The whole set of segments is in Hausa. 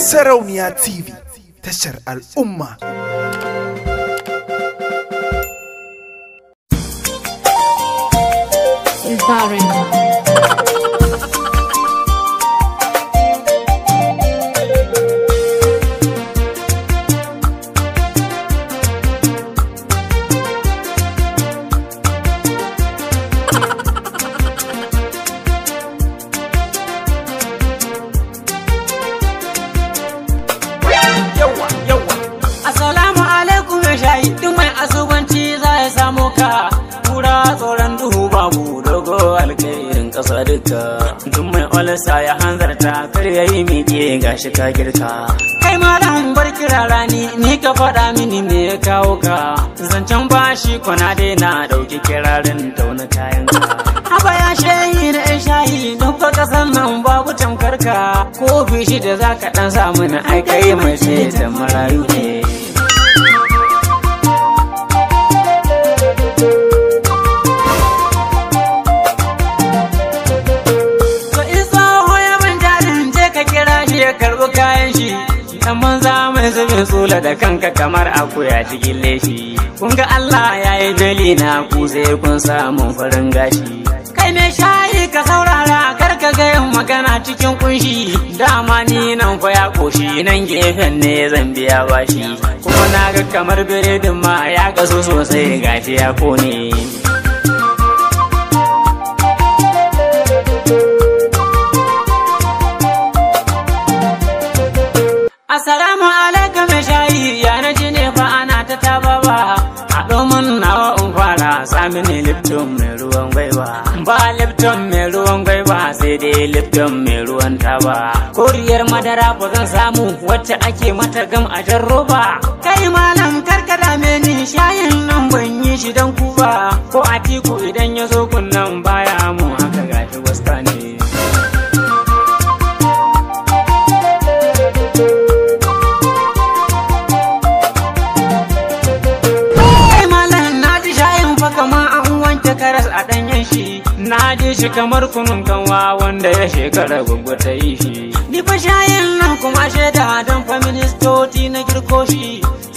Sarauniya TV tashar al'umma. Is ƙasa duka duk mai olisa ya hanzarta kar ya yi miƙe shi ka girka kai malam bar kira rani ni ka faɗa mini me ya kawo ka zancen bashi kwana dai na ɗauki kirarin tauna kayan ka haba ya shayi da shayi duk kasan nan babu tamkarka kofi shi da za ka ɗan samu na aikai mace da marayu ne ya karɓi kayan shi dan banza mai zubin sula da kanka kamar akuya cikin leshi kun ga Allah ya yi dali na ku sai kun samu farin gashi kai me shayi ka saurara kar ka ga yin magana cikin kunshi dama ni nan fa ya koshi nan gefen ne zan biya bashi kuma na ga kamar biredin ma ya kaso sosai gashi ya kone A mun nawa in fara sami ne lipton mai ruwan gwaiba ba lipton mai ruwan gwaiba sai dai lipton mai ruwan taba koriyar madara ba zan samu wacce ake mata gam a jan roba kai malam karkada meni shayin nan ban yi shi dan kuba ko a tiku idan ya zo kunnan baya mu haka gashi wasta ne shi kamar kunun kanwa wanda ya shekara gungu ta yi shi. Ni fa shayin nan kuma shaida don faministoci na girko shi.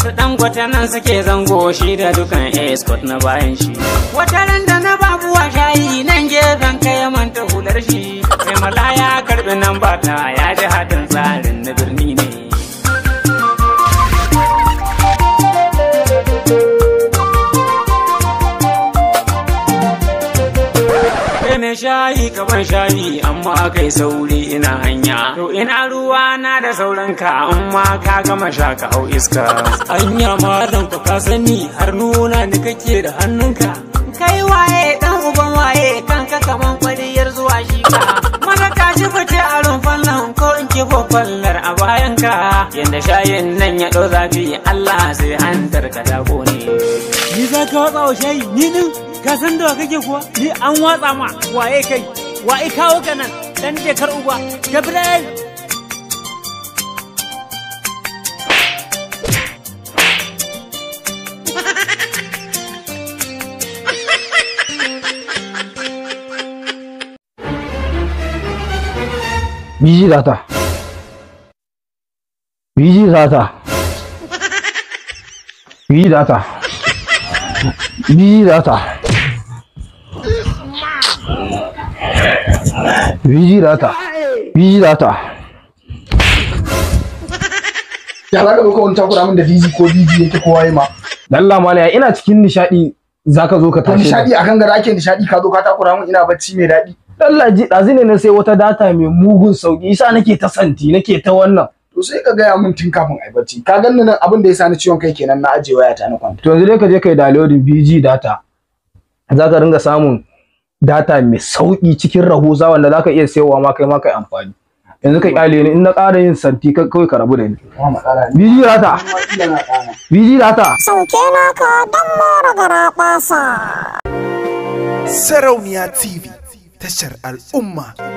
Su ɗan gwata nan suke zango shi da dukan escort na bayan shi. Wataran da na babuwa shayi nan gefen kai manta hular shi. Mai malaya karbi nan ta ya ji haɗin tsarin na na shayi kaban shayi amma kai sauri ina hanya to ina ruwa na da sauran ka amma ka gama sha ka hau iska anya malam ka ka sani har nuna ni kake da hannunka kai waye dan uban waye kanka kaman kwaliyar zuwa shi ka mana ka shi fice a rumfan nan ko in ki fallar a bayan ka yanda shayin nan ya ɗau zafi Allah sai hantar ka dago ne ni za ka wa shayi ni nin ka san da kake kuwa ni an watsa ma waye kai waye kawo ka nan dan jekar uba gabriel Biji zata. Biji zata. Biji zata. Biji zata. Vigilata. Vigilata. Ya za ka zo ka wani takura min da bizi ko bizi yake kowa yi ma. Lalla malaya ina cikin nishaɗi za ka zo ka tashi. Nishaɗi a kan gara ake nishaɗi ka zo ka takura min ina bacci mai daɗi. Lalla ji ɗazu ne na sai wata data mai mugun sauƙi isa nake ta santi nake ta wannan. to sai ka gaya min tun kafin a yi bacci ka gan nan abin da ya sani ciwon kai kenan na ajiye wayata na kwanta to yanzu dai ka je kai downloading BG data za ka ringa samun data mai sauki cikin rahusa wanda zaka iya sayowa ma kai ma kai amfani yanzu ka kyale ni in na ƙara yin santi kawai ka rabu da ni biji data. biji data. sauke naka dan mara gara sarauniya tv tashar al'umma